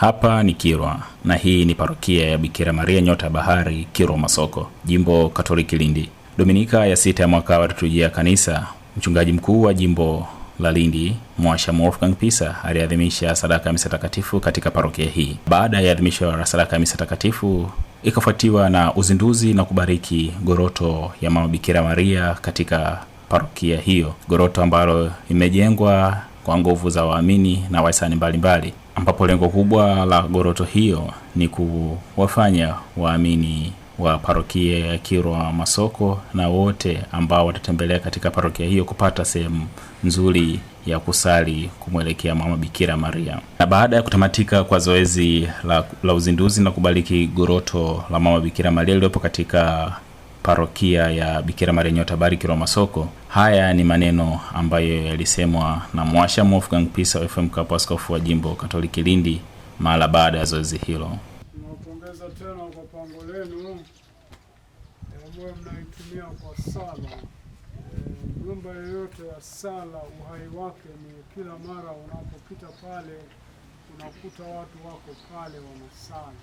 Hapa ni kirwa na hii ni parokia ya Bikira Maria Nyota ya Bahari, kirwa Masoko, jimbo Katoliki Lindi. Dominika ya sita ya mwaka wa liturujia ya Kanisa, mchungaji mkuu wa jimbo la Lindi mwasha Wolfgang Pisa aliadhimisha sadaka ya misa takatifu katika parokia hii. Baada ya adhimisho la sadaka ya misa takatifu ikafuatiwa na uzinduzi na kubariki goroto ya Mama Bikira Maria katika parokia hiyo, goroto ambalo imejengwa kwa nguvu za waamini na waisani mbalimbali ambapo lengo kubwa la goroto hiyo ni kuwafanya waamini wa parokia ya Kirwa Masoko na wote ambao watatembelea katika parokia hiyo kupata sehemu nzuri ya kusali kumwelekea Mama Bikira Maria. Na baada ya kutamatika kwa zoezi la, la uzinduzi na kubariki goroto la Mama Bikira Maria iliyopo katika parokia ya Bikira Maria Nyota Bariki wa Masoko. Haya ni maneno ambayo yalisemwa na Mwasha Wolfgang Pisa wa FM Kapu, askofu wa jimbo Katoliki Lindi, mara baada ya zoezi hilo. Tunawapongeza tena kwa pango lenu ambayo eh, mnaitumia kwa sala. Eh, nyumba e, yoyote ya sala uhai wake ni kila mara unapopita pale unakuta watu wako pale wanasali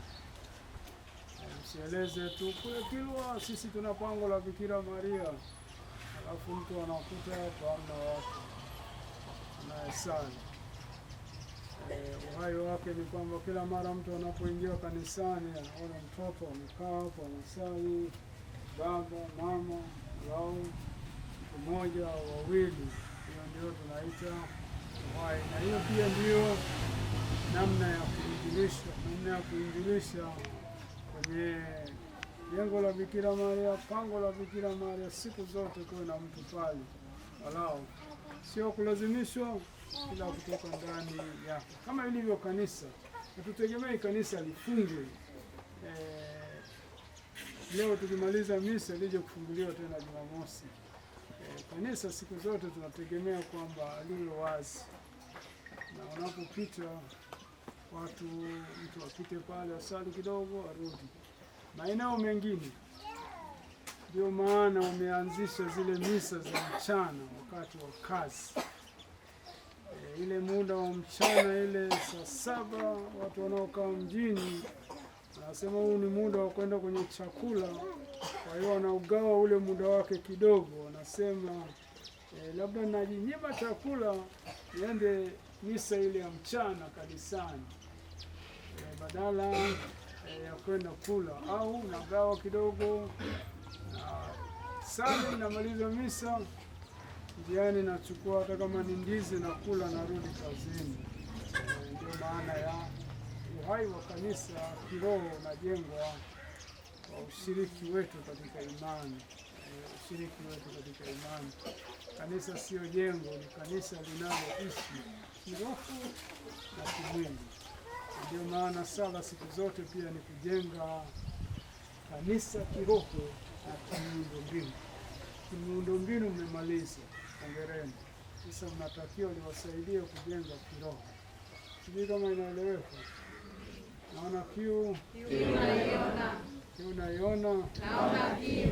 sieleze tu kule Kilwa, sisi tuna pango la Bikira Maria, alafu mtu anakuta hapa amna watu naye sana e, uhai wake ni kwamba kila mara mtu anapoingia kanisani anaona mtoto amekaa hapo anasali, baba mama au mtu mmoja wawili. Hiyo ndio tunaita uhai, na hiyo pia ndiyo namna ya kuinjilisha, namna ya kuinjilisha kwenye jengo la Bikira Maria, pango la Bikira Maria, siku zote kuwe na mtu pale, walau sio kulazimishwa, ila kutoka ndani yako, kama ilivyo kanisa. Hatutegemei kanisa lifungwe eh, leo tukimaliza misa lije kufunguliwa tena Jumamosi. Eh, kanisa siku zote tunategemea kwamba liwe wazi na unapopita watu, mtu apite pale asali kidogo arudi. Maeneo mengine ndio maana wameanzisha zile misa za mchana wakati wa kazi e, ile muda wa mchana ile saa saba, watu wanaokaa mjini wanasema huu ni muda wa kwenda kwenye chakula, kwa hiyo wanaugawa ule muda wake kidogo, wanasema e, labda najinyima chakula niende misa ile ya mchana kanisani. Eh, badala eh, ya kwenda kula au nagawa kidogo na sana. Namaliza misa njiani, nachukua hata kama ni ndizi na kula, narudi kazini. Eh, ndio maana ya uhai wa kanisa kiroho unajengwa kwa ushiriki wetu katika imani ushiriki wetu katika imani. Kanisa sio jengo, ni kanisa linaloishi kiroho na kimwili. Ndio maana sala siku zote pia ni kujenga kanisa kiroho na kimiundombinu. mbinu mmemaliza, hongereni. Sasa mnatakiwa niwasaidie kujenga kiroho. Sijui kama inaeleweka. Naona kiu, kiu naiona, kiu naiona, naona kiu.